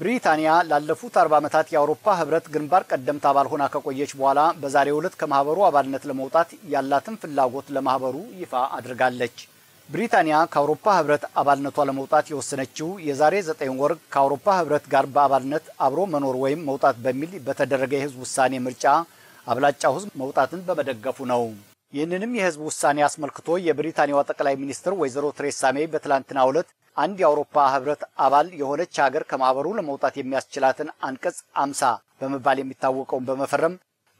ብሪታንያ ላለፉት አርባ ዓመታት የአውሮፓ ህብረት ግንባር ቀደምት አባል ሆና ከቆየች በኋላ በዛሬው ዕለት ከማህበሩ አባልነት ለመውጣት ያላትን ፍላጎት ለማህበሩ ይፋ አድርጋለች። ብሪታንያ ከአውሮፓ ህብረት አባልነቷ ለመውጣት የወሰነችው የዛሬ ዘጠኝ ወር ከአውሮፓ ህብረት ጋር በአባልነት አብሮ መኖር ወይም መውጣት በሚል በተደረገ የህዝብ ውሳኔ ምርጫ አብላጫው ህዝብ መውጣትን በመደገፉ ነው። ይህንንም የህዝብ ውሳኔ አስመልክቶ የብሪታንያዋ ጠቅላይ ሚኒስትር ወይዘሮ ቴሬሳ ሜይ በትላንትናው ዕለት አንድ የአውሮፓ ህብረት አባል የሆነች ሀገር ከማህበሩ ለመውጣት የሚያስችላትን አንቀጽ አምሳ በመባል የሚታወቀውን በመፈረም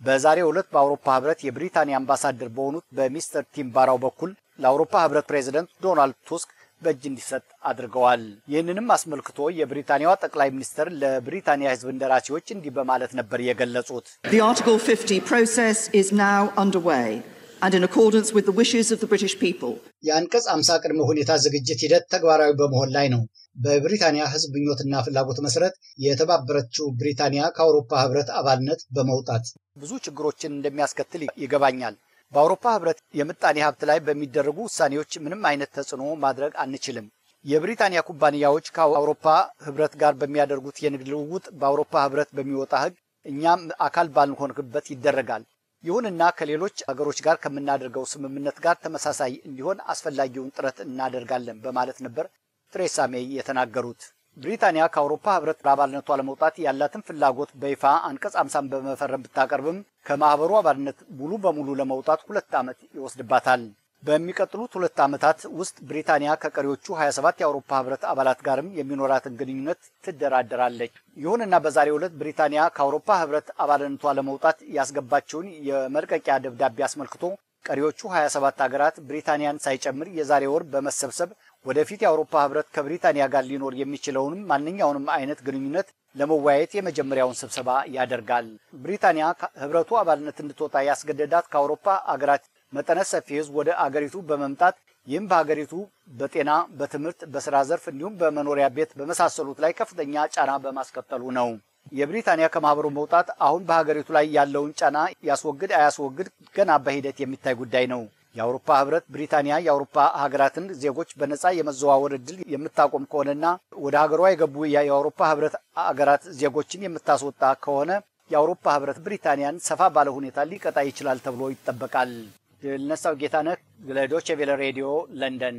በዛሬው ዕለት በአውሮፓ ህብረት የብሪታንያ አምባሳደር በሆኑት በሚስተር ቲም ባራው በኩል ለአውሮፓ ህብረት ፕሬዚደንት ዶናልድ ቱስክ በእጅ እንዲሰጥ አድርገዋል። ይህንንም አስመልክቶ የብሪታንያዋ ጠቅላይ ሚኒስትር ለብሪታንያ ህዝብ እንደራሴዎች እንዲህ በማለት ነበር የገለጹት። The 50 and in accordance with the wishes of the British people. የአንቀጽ አምሳ ቅድመ ሁኔታ ዝግጅት ሂደት ተግባራዊ በመሆን ላይ ነው። በብሪታንያ ሕዝብ ምኞትና ፍላጎት መሰረት የተባበረችው ብሪታንያ ከአውሮፓ ሕብረት አባልነት በመውጣት ብዙ ችግሮችን እንደሚያስከትል ይገባኛል። በአውሮፓ ሕብረት የምጣኔ ሀብት ላይ በሚደረጉ ውሳኔዎች ምንም አይነት ተጽዕኖ ማድረግ አንችልም። የብሪታንያ ኩባንያዎች ከአውሮፓ ሕብረት ጋር በሚያደርጉት የንግድ ልውውጥ በአውሮፓ ሕብረት በሚወጣ ሕግ እኛም አካል ባልሆንበት ይደረጋል። ይሁንና ከሌሎች ሀገሮች ጋር ከምናደርገው ስምምነት ጋር ተመሳሳይ እንዲሆን አስፈላጊውን ጥረት እናደርጋለን በማለት ነበር ትሬሳ ሜይ የተናገሩት። ብሪታንያ ከአውሮፓ ህብረት አባልነቷ ለመውጣት ያላትን ፍላጎት በይፋ አንቀጽ አምሳን በመፈረም ብታቀርብም ከማህበሩ አባልነት ሙሉ በሙሉ ለመውጣት ሁለት ዓመት ይወስድባታል። በሚቀጥሉት ሁለት ዓመታት ውስጥ ብሪታንያ ከቀሪዎቹ 27 የአውሮፓ ህብረት አባላት ጋርም የሚኖራትን ግንኙነት ትደራደራለች። ይሁንና በዛሬው ዕለት ብሪታንያ ከአውሮፓ ህብረት አባልነቷ ለመውጣት ያስገባቸውን የመልቀቂያ ደብዳቤ አስመልክቶ ቀሪዎቹ 27 ሀገራት ብሪታንያን ሳይጨምር የዛሬ ወር በመሰብሰብ ወደፊት የአውሮፓ ህብረት ከብሪታንያ ጋር ሊኖር የሚችለውንም ማንኛውንም አይነት ግንኙነት ለመወያየት የመጀመሪያውን ስብሰባ ያደርጋል። ብሪታንያ ህብረቱ አባልነት እንድትወጣ ያስገደዳት ከአውሮፓ አገራት መጠነ ሰፊ ህዝብ ወደ አገሪቱ በመምጣት ይህም በሀገሪቱ በጤና፣ በትምህርት፣ በስራ ዘርፍ እንዲሁም በመኖሪያ ቤት በመሳሰሉት ላይ ከፍተኛ ጫና በማስከተሉ ነው። የብሪታንያ ከማህበሩ መውጣት አሁን በሀገሪቱ ላይ ያለውን ጫና ያስወግድ አያስወግድ ገና በሂደት የሚታይ ጉዳይ ነው። የአውሮፓ ህብረት ብሪታንያ የአውሮፓ ሀገራትን ዜጎች በነፃ የመዘዋወር እድል የምታቆም ከሆነና ወደ ሀገሯ የገቡ የአውሮፓ ህብረት ሀገራት ዜጎችን የምታስወጣ ከሆነ የአውሮፓ ህብረት ብሪታንያን ሰፋ ባለ ሁኔታ ሊቀጣ ይችላል ተብሎ ይጠበቃል። የልነሳው ጌታነህ ለዶቼ ቬለ ሬዲዮ ለንደን